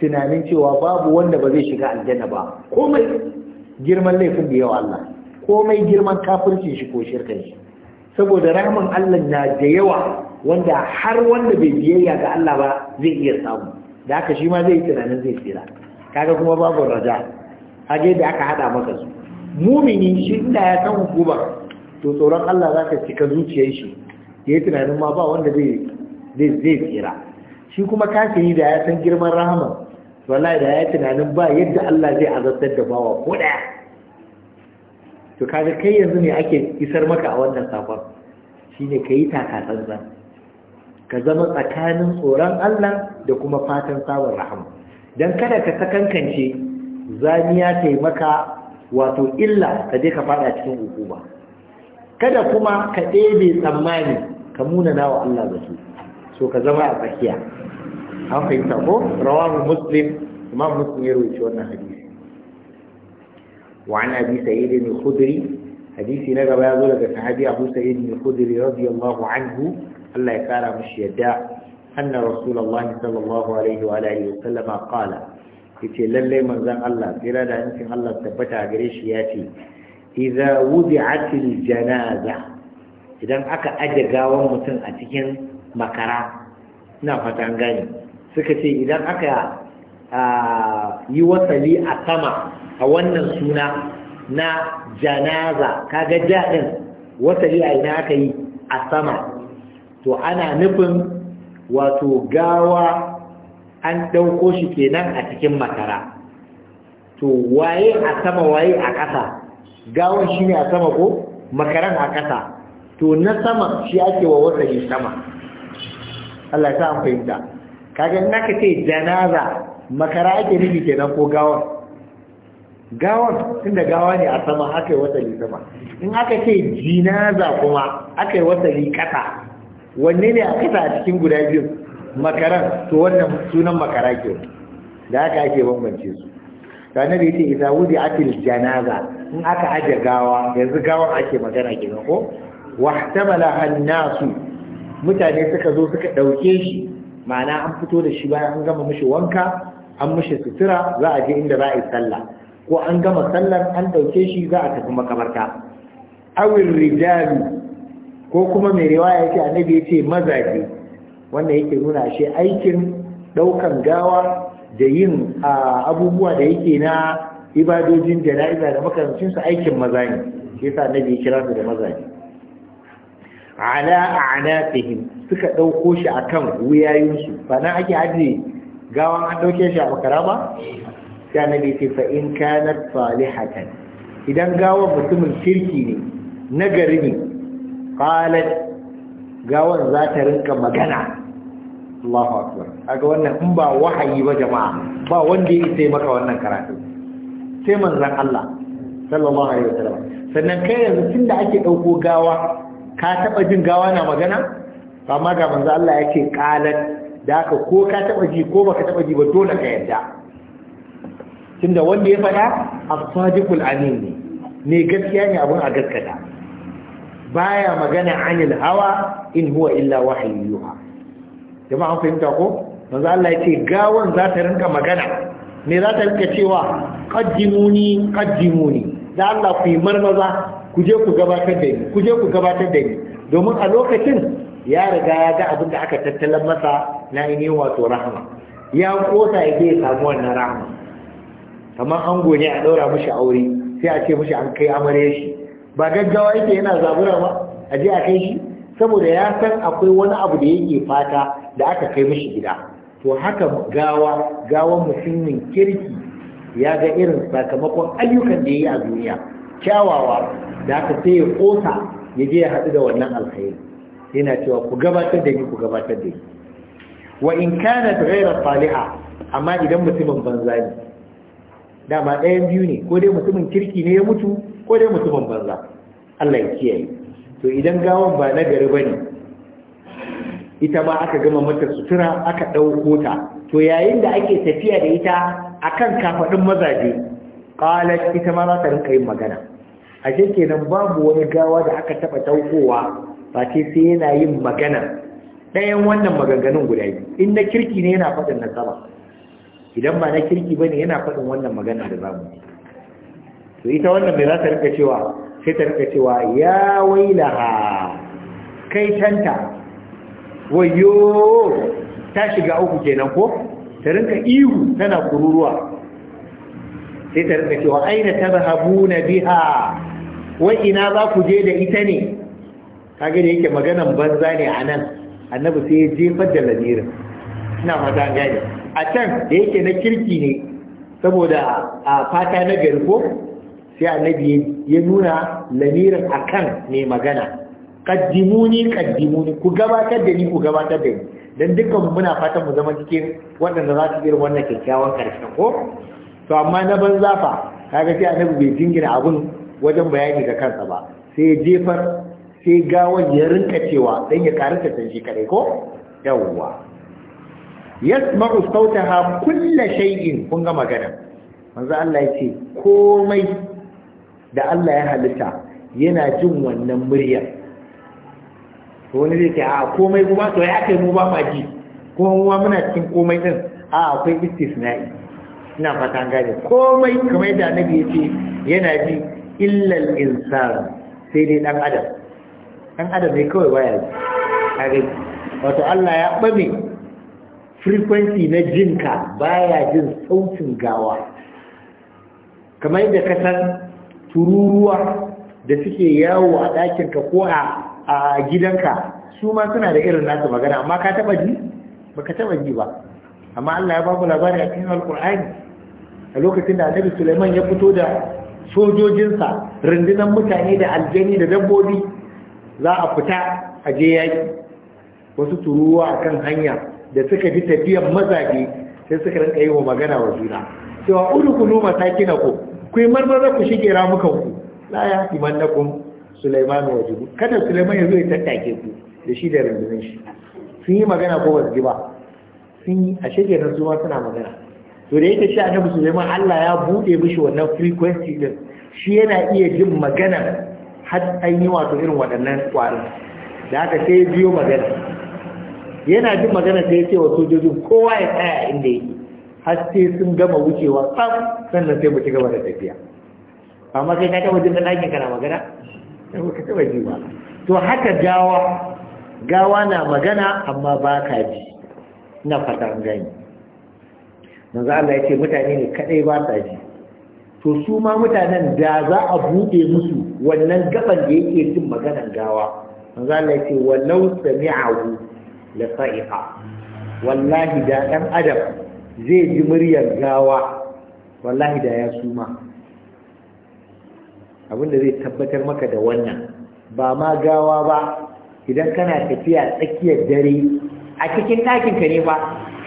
tunanin cewa babu wanda ba zai shiga aljanna ba komai girman laifin da yawa Allah komai girman kafirci shi ko shirkan shi saboda rahman Allah na da yawa wanda har wanda bai biyayya ga Allah ba zai iya samu da haka shi ma zai tunanin zai tsira kaga kuma babu raja hage da aka hada maka su mumini shi inda ya san hukuma to tsoron Allah zaka cika zuciyar shi ya yi tunanin ma ba wanda zai tsira shi kuma kafiri da ya san girman rahama wallahi da ya yi tunanin ba yadda Allah zai azabtar da bawa ko daya to kaga kai yanzu ne ake isar maka a wannan safon shine ka yi taka tsantsan ka zama tsakanin tsoron Allah da kuma fatan sabon rahama dan kada ka sakankance zaniya maka wato illa ka je ka fada cikin hukuma kada kuma ka ɗebe tsammani ka muna nawa Allah da su so ka zama a tsakiya an fahimta ko rawahu muslim imam muslim ya rawaito wannan hadisi wa an abi sa'id al-khudri hadisi na gaba ya zo daga sahabi abu sa'id al-khudri radiyallahu anhu Allah ya kara mishi yadda أن رسول الله صلى الله عليه وآله وسلم قال allah للي منزان الله إرادة أنت الله تبتع قريش ياتي إذا وضعت الجنازة idan aka aje gawan mutum a cikin makara na fatan gani suka ce idan aka yi wasali a sama a wannan suna na janaza kaga jaɗin wasali a ina aka yi a sama to ana nufin wato gawa an ɗauko shi kenan a cikin makara to waye a sama waye a ƙasa gawon shi ne a sama ko makaran a ƙasa to na sama shi ake wa wasali sama Allah ta fahimta kaga na ka ce janaza makara ake nufi kenan ko gawar. Gawar, inda gawa ne a sama aka yi wasali sama in aka ce jinaza kuma aka yi wasali kasa wanne ne a kasa a cikin guda biyu makaran to wannan sunan makara ke da aka ake bambance su ranar da ita idza wudi'atil janaza in aka aje gawa yanzu gawar ake magana ke ko wahtamala annasu mutane suka zo suka dauke shi ma'ana an fito da shi bayan an gama mishi wanka an mishi sutura za a je inda za a yi sallah ko an gama sallar an dauke shi za a tafi makabarta awil rijalu ko kuma mai riwaya yake annabi yace mazaje wannan yake nuna shi aikin daukan gawa da yin abubuwa da yake na ibadojin jana'iza da makarancinsu aikin maza ne shi yasa annabi ya kira su da mazaje ala a'naqihim suka dauko shi akan wuyayinsu ba Bana ake aje gawan an dauke shi a makara ba sai annabi ce fa in kanat salihatan idan gawan mutumin kirki ne nagari ne qalat gawan za ta rinka magana Allahu akbar aga wannan in ba wahayi ba jama'a ba wanda ya sai maka wannan karatu sai manzon Allah sallallahu alaihi wasallam sannan kai yanzu tunda ake dauko gawa ka taɓa jin gawa na magana amma ga manzo Allah ya ce qalat da ka, ko ka taɓa ji ko baka taɓa ji ba dole ka yarda tunda wanda ya faɗa as-sadiqul ne gaskiya ne abun a gaskata baya magana anil hawa in huwa illa wahyi yuha jama'a an fahimta ko manzo Allah ya ce gawan za ta rinka magana me za ta rinka cewa qaddimuni qaddimuni da Allah ku yi marmaza ku je ku gabatar da ni ku je ku gabatar da ni domin a lokacin ya riga ya ga abin da aka tattalin masa na ainihin wato rahama ya kosa ya ke ya samu wannan rahama kamar an ne a ɗaura mishi aure sai a ce mishi an kai amare shi ba gaggawa yake yana zabura ba a je a kai shi saboda ya san akwai wani abu da yake fata da aka kai mishi gida to haka gawa gawan mutumin kirki ya ga irin sakamakon ayyukan da ya yi a duniya kyawawa da aka sai ya kosa ya je ya haɗu da wannan alhaini yana cewa ku gabatar da ni ku gabatar da ni wa in kana da rairar faliha amma idan mutumin banza ne dama ɗayan biyu ne ko dai mutumin kirki ne ya mutu ko dai mutumin banza Allah ya kiyaye to idan gawan ba na gari bane ita ma aka gama mata sutura aka ɗauko ta to yayin da ake tafiya da ita akan kafaɗin mazaje qalat ita ma za ta rinka yin magana a kenan babu wani gawa da aka taba taukowa ba sai yana yin magana ɗayan wannan maganganun guda biyu in na kirki ne yana faɗin na sama idan ba na kirki bane yana faɗin wannan magana da zamu to ita wannan mai za ta rika cewa sai ta rika cewa ya wailaha kai tanta wayo ta shiga uku kenan ko ta rinka ihu tana kururuwa sai ta rinka cewa aina tadhhabuna biha wai ina za ku je da ita ne kaga da yake maganan banza ne a nan annabi sai ya jefar da lamirin ina fata gani a can da yake na kirki ne saboda a fata na gari ko sai annabi ya nuna lamirin akan ne magana kaddimuni kaddimuni ku gabatar da ni ku gabatar da ni dan dukkan muna fatan mu zama cikin waɗanda za su irin wannan kyakkyawan karshen ko to amma na banza fa kaga sai annabi bai jingina abun wajen bayani da kansa ba sai jefar sai gawar ya rinka cewa don ya karanta san shi kare ko yawwa yasma'u sautaha kullu shaidin kun ga magana Wanzu Allah ya ce komai da Allah ya halitta yana jin wannan muryar ko wani zai ce a komai kuma to ya kai mu ba ma ji kuma mu muna cikin komai din a akwai istisna'i ina fata gane komai kamar yadda annabi ce yana ji illal insan sai dai dan adam dan adam ne kawai baya kage wato Allah ya bame frequency na jinka baya jin sautin gawa kamar yadda ka tururuwa da suke yawo a ka ko a gidanka su ma suna da irin nasu magana amma ka taba ji baka taba ji ba amma Allah ya babu labari a cikin alkur'ani a lokacin da annabi Sulaiman ya fito da sojojinsa rundunar mutane da aljani da dabbobi za a fita a je yaƙi wasu turuwa a kan hanya da suka ji tafiyan mazaje sai suka rinka yi wa magana wa juna cewa udukulu na ku ku yi marmaza ku shige ramukanku la ya mannakun Sulaiman wa Jibu kada Sulaiman ya zo ya tattake ku da shi da rundunar shi sun yi magana ko ba su ji ba sun yi a shige na su ma suna magana to da yake shi annabi Sulaiman Allah ya bude mishi wannan frequency din shi yana iya jin magana har an yi wato irin waɗannan ƙwarin da haka sai ya biyo magana yana jin magana sai ya ce wa sojojin kowa ya tsaya inda yake har sai sun gama wucewa tsam sannan sai mu ci gaba da tafiya amma kai ka taɓa jin ɗakin kana magana sai ka taɓa ji ba to haka gawa gawa na magana amma ba ka ji na fata gani manzo Allah ya mutane ne kadai ba sa ji to su ma mutanen da za a bude musu wannan gaban da yake jin maganar gawa manzo Allah ya ce walau sami'ahu la sa'iqa wallahi da dan adam zai ji muryar gawa wallahi da ya suma da zai tabbatar maka da wannan ba ma gawa ba idan kana tafiya tsakiyar dare a cikin ɗakin ka ne ba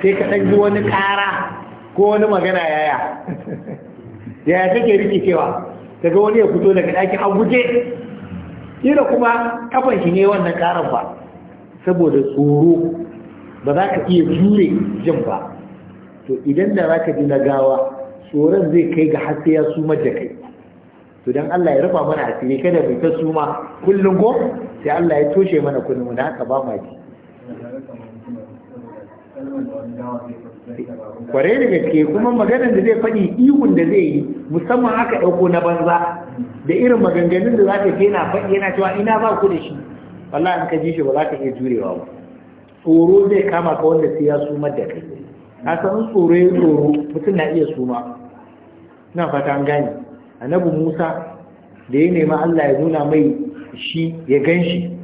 sai ka ɗan ji wani ƙara ko wani magana yaya yaya take cewa daga wani ya fito daga ɗakin a guje kila kuma kafan shi ne wannan karan ba saboda tsoro ba za ka iya jure jin ba to idan da za ka ji na gawa tsoron zai kai ga har ya suma da kai to dan Allah ya rufa mana asiri kada mai ta suma kullum ko sai Allah ya toshe mana kullum da haka ba ma Kware da gaske kuma maganar da zai faɗi ihun da zai yi musamman aka ɗauko na banza da irin maganganun da za ta ke na faɗi yana cewa ina ba ku da shi Wala in ka ji shi ba za ka iya jurewa ba tsoro zai kama ka wanda sai ya sumar da kai a sanin tsoro ya tsoro mutum na iya suma ina fata an gane annabi musa da ya nema allah ya nuna mai shi ya ganshi.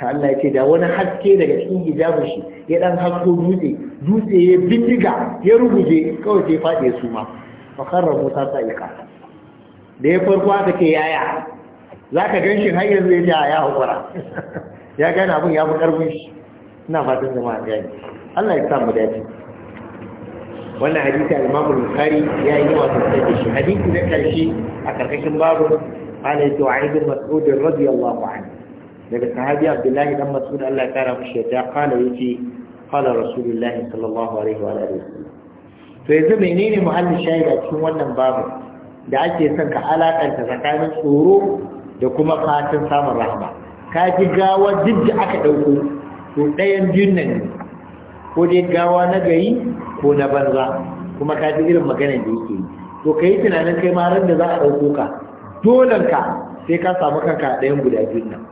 Allah ya ce da wani haske daga cikin hijabin shi ya dan hasko dutse dutse ya bindiga ya rubuje kawai sai faɗi su ma fa karra ta sa'ika da ya farko aka ce yaya zaka gan shi har yanzu ya ce ya hakura ya gane abin ya fi karfin shi ina fatan jama'a gani Allah ya samu dace wannan hadisi al-Imam al-Bukhari ya yi wa da shi hadisi na karshe a karkashin babu قال يتوعد مسعود رضي الله عنه daga sahabi abdullahi dan mas'ud Allah ya kara mishi ya kala yace kala rasulullahi sallallahu alaihi wa alihi to yanzu menene muhallin shayi a cikin wannan babu da ake son ka alakanta tsakanin tsoro da kuma fatan samun rahama ka ji gawa duk da aka dauko to ɗayan jinnan ne ko dai gawa na gari ko na banza kuma ka ji irin maganar da yake yi to ka yi tunanin kai ma ran da za a ɗauko ka ka, sai ka samu kanka a ɗayan guda biyun nan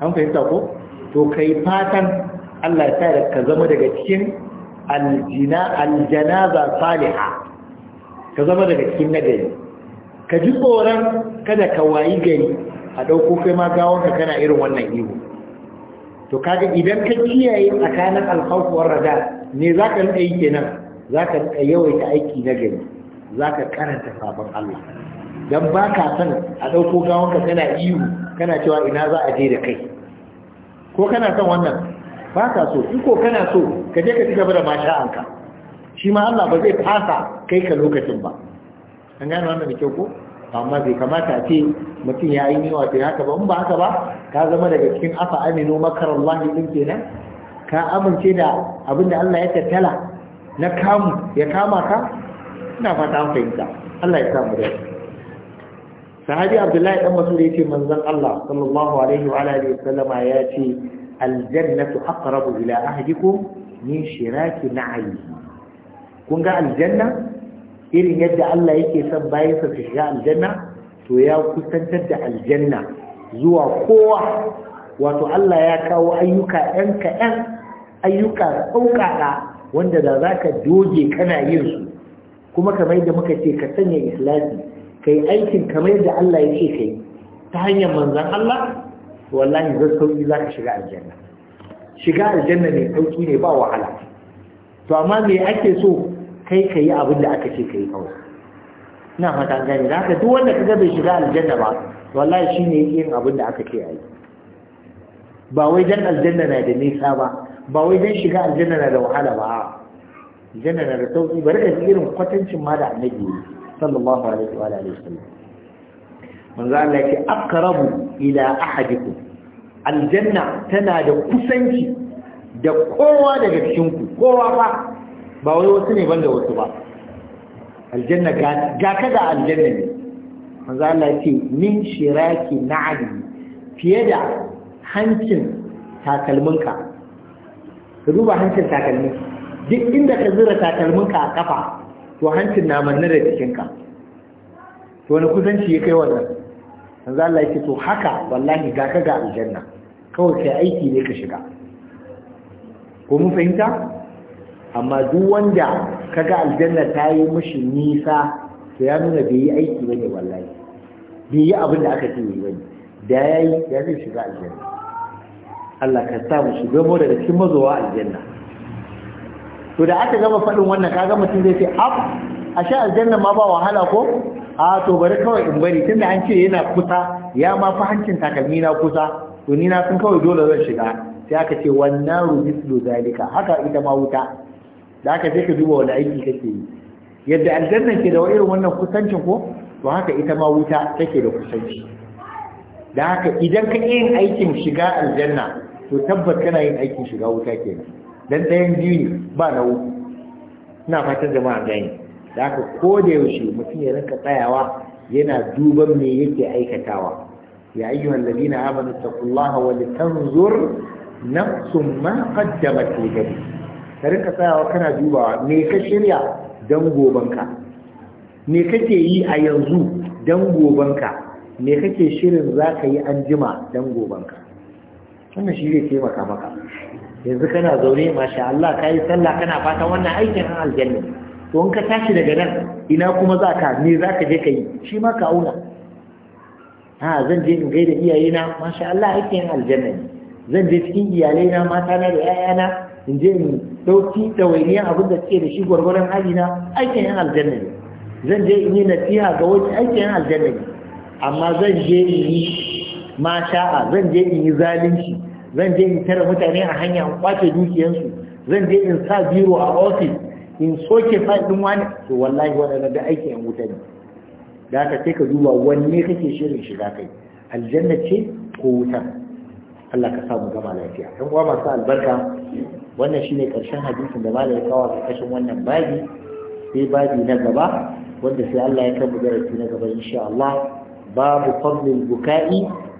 an fahimta ko to kai fatan Allah ya sa ka zama daga cikin aljina aljanaza saliha ka zama daga cikin nagari ka ji tsoron kada ka wayi gari a ɗauko kai ma gawonka kana irin wannan ihu to kaga idan ka kiyaye tsakanin alkhawfu war rada ne zaka rika yi kenan zaka rika yawaita aiki na gari zaka karanta sabon Allah dan baka san a ɗauko gawon ka kana ihu, kana cewa ina za a je da kai ko kana son wannan ba ka so in ko kana so ka je ka ci gaba da masha'anka shi ma Allah ba zai fasa kai ka lokacin ba an gane wannan da kyau ko amma bai kamata a ce mutum ya yi ni wato haka ba in ba haka ba ka zama daga cikin afa aminu makar Allah din kenan ka amince da abin da Allah ya tattala na kamu ya kama ka ina fata an fahimta Allah ya samu dace sahabi abdullahi dan masud yace manzon Allah sallallahu alaihi wa alihi wasallama yace aljannatu aqrabu ila ahdikum min shiraki na'ali kun ga aljanna irin yadda Allah yake son bayan su shiga aljanna to ya kusantar da aljanna zuwa kowa wato Allah ya kawo ayyuka ɗan kaɗan ayyuka ɗaukaɗa wanda da za ka doge kana yin su kuma kamar yadda muka ce ka sanya ikhlasi kai aikin kamar yadda Allah ya ce kai ta hanyar manzan Allah wallahi zai sauki za ka shiga aljanna shiga aljanna ne sauki ne ba wahala to amma me ake so kai ka yi abin da aka ce ka yi kawai ina fata gani da haka duk wanda ga bai shiga aljanna ba wallahi shine yake yin abin da aka ce a yi ba wai dan aljanna na da nisa ba ba wai dan shiga aljanna na da wahala ba aljanna na da sauki bari ka ji irin kwatancin ma da annabi sallallahu alaihi wa alihi wasallam manzo Allah yake aqrabu ila ahadikum aljanna tana da kusanci da kowa daga cikin ku kowa ba ba wai wasu ne banda wasu ba aljanna ga ka da aljanna ne manzo Allah yake min shiraki na'ali fiye da hancin takalminka ka duba hancin takalmin duk inda ka zura takalminka a kafa to hancin na manne da jikinka to wani kusanci ya kai wannan manzo Allah yake to haka wallahi ga ka ga aljanna kawai kai aiki ne ka shiga ko mun fahimta amma duk wanda kaga aljanna ta yi mishi nisa to ya nuna bai yi aiki bane wallahi bai yi abin da aka ce yi bane da ya yi ya zai shiga aljanna Allah ka sa mu shiga mu daga cikin mazowa aljanna to da aka gama faɗin wannan kaga mutum zai ce af a sha aljanna ma ba wahala ko a to bari kawai in bari tunda an ce yana kusa ya ma fi hancin takalmi na kusa to ni na sun kawai dole zan shiga sai aka ce wannan rumislu zalika haka ita ma wuta da aka sai ka duba wani aiki kake yi yadda aljanna ke da irin wannan kusancin ko to haka ita ma wuta take da kusanci da haka idan ka yin aikin shiga aljanna to tabbas kana yin aikin shiga wuta kenan dan ɗayan biyu ne ba na uku ina fatan jama'a gani da aka ko da yaushe mutum ya rinka tsayawa yana duban me yake aikatawa ya ayyuhal ladina amanu taqullaha wa litanzur nafsun ma qaddamat li gadi ka rinka tsayawa kana dubawa me ka shirya dan gobanka me kake yi a yanzu dan gobanka me kake shirin zaka yi anjima dan gobanka wannan shi zai taimaka maka yanzu kana zaune masha Allah kai sallah kana fata wannan aikin an aljanna to in ka tashi daga nan ina kuma za ka me za ka je ka yi shi ma ka auna ha zan je in gaida iyayena masha Allah aikin aljanna zan je cikin iyalaina matana da 'ya'yana in je in dauki ɗawainiyar abin da suke da shi gwargwaron halina aikin yan aljanna zan je in yi nasiha ga wani aikin yan aljanna ne amma zan je in yi masha'a zan je in yi zalunci zan je in tara mutane a hanya in kwace dukiyansu zan je in sa biro a ofis in soke fadin wani to wallahi waɗanda da aiki yan wuta ne da ka sai ka duba wanne kake shirin shiga kai aljanna ce ko wuta Allah ka samu gama lafiya ɗan uwa masu albarka wannan shine karshen hadisin da malai ya kawo a kashin wannan babi sai babi na gaba wanda sai Allah ya kai mu darasi na gaba insha Allah babu fadlil buka'i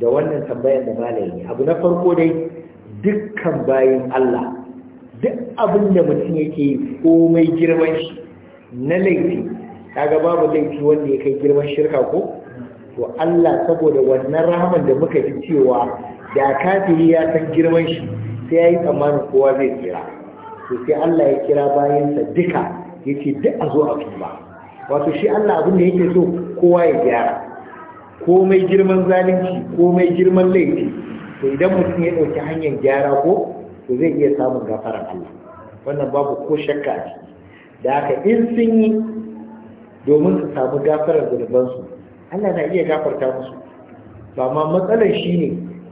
da wannan tambayar da malayi abu na farko dai dukkan bayan Allah duk abin da mutum yake komai girman shi na laifi kaga babu laifi wanda ya kai girman shirka ko to Allah saboda wannan rahaman da muka ji cewa da kafiri ya san girman shi sai yayi yi tsammanin kowa zai tsira to sai Allah ya kira bayansa duka ya duk a zo a tuba wato shi Allah abin da yake so kowa ya gyara komai girman zalunci komai girman laifi to idan mutum ya ɗauki hanyar gyara ko to zai iya samun gafarar Allah wannan babu ko shakka a ciki da haka in sun yi domin su samu gafarar zunubansu Allah na iya gafarta musu ba ma matsalar shi ne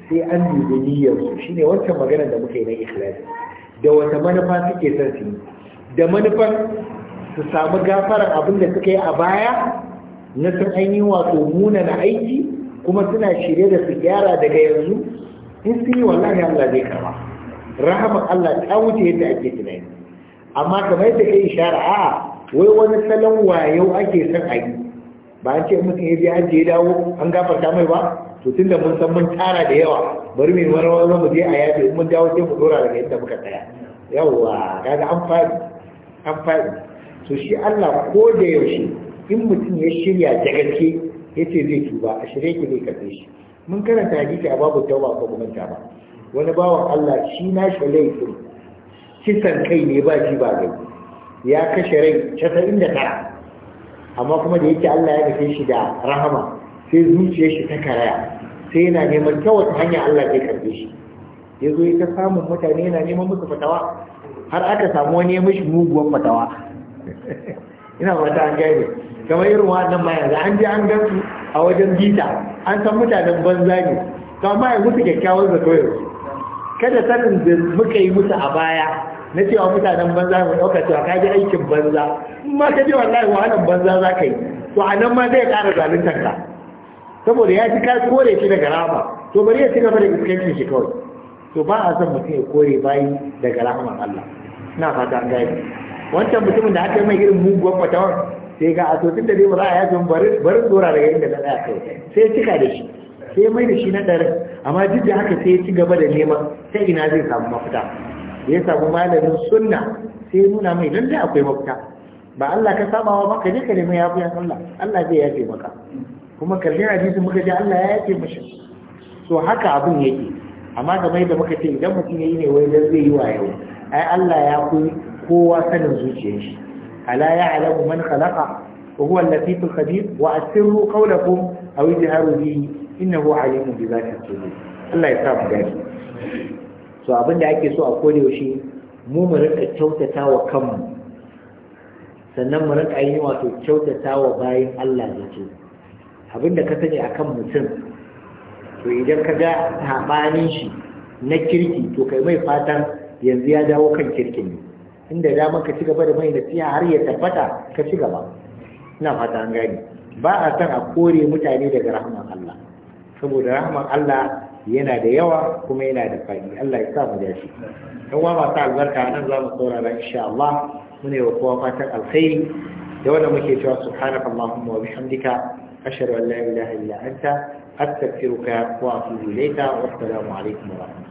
sai an dubi niyyarsu shi ne wancan maganar da muka yi na ikhlas da wata manufa suke son su yi da manufar su samu gafarar abin da suka yi a baya na sun ainihin wato muna na aiki kuma suna shirye da su gyara daga yanzu in sun yi wallahi Allah zai kama rahama Allah ta wuce yadda ake tunani amma kamar yadda kai ishara a wai wani salon wayo ake son a yi ba an ce mutum ya je an ya dawo an gafarta mai ba to tunda mun san mun tara da yawa bari mai wani wani mu je a yafe in mun dawo sai mu dora daga yadda muka tsaya yawa kaga an fadi an fadi to shi Allah ko da yaushe in mutum ya shirya da gaske ya ce zai tuba a shirye ki zai karɓe shi mun karanta hadisi a babu tauba ko kuma ba wani bawan Allah shi na shi laifin kisan kai ne ba shi ba gani ya kashe rai casa'in da tara amma kuma da yake Allah ya kashe shi da rahama sai zuciyar shi ta karaya sai yana neman ta wata hanya Allah zai karɓe shi ya zo ita ta samun mutane yana neman musu fatawa har aka samu wani ya mishi muguwan fatawa ina mata an gane kamar irin waɗannan ma yanzu an je an gansu a wajen bita an san mutanen banza ne to amma ya mutu da zato kada sanin da muka yi musu a baya na cewa mutanen banza mai ɗauka cewa ka ji aikin banza in ma ka je wallahi wahalan banza za ka yi to a nan ma zai ƙara zaluntar ka saboda ya ci ka kore shi daga rama to bari ya ci gaba da iskancin shi kawai to ba a son mutum ya kore bayi daga rahaman Allah ina fata an gane wancan mutumin da aka yi mai irin muguwar fatawar sai ga a tutun da ba za a yafe barin barin dora daga inda na tsaya kai sai cika da shi sai mai da shi na ɗarin amma duk da haka sai ci gaba da neman ta ina zai samu mafita ya samu malamin sunna sai nuna mai da akwai mafita ba Allah ka saba wa maka ne ka nemi yafiyan Allah Allah zai yafe maka kuma kallin hadisi muka ji Allah ya yafe mashi so haka abin yake amma mai da muka ce idan mutum ya yi ne wai dan zai yi wa yau ai Allah ya koyi kowa sanin zuciyar shi ألا يعلم من خلق وهو اللطيف الخبير وأسروا قولكم أو اجهروا به إنه عليم بذات الصدور الله يسامح ذلك so abin da ake so a kode yaushe mu mu rinka kyautata wa kanmu sannan mu rinka yin wato kyautata wa bayin Allah da ke abin da ka sani akan mutum to idan ka ga sabanin shi na kirki to kai mai fatan yanzu ya dawo kan kirkin ne inda dama ka ci gaba da mai nasiha har ya tabbata ka ci gaba ina fata an gani ba a san a kore mutane daga rahman Allah saboda rahman Allah yana da yawa kuma yana da fadi Allah ya sa mu shi dan wa masu albarka nan za mu saurara insha Allah yi wa kowa fatan alkhairi da wannan muke cewa subhanaka allahumma wa bihamdika ashhadu an la ilaha illa anta astaghfiruka wa atubu ilayka wa assalamu alaikum wa rahmatullahi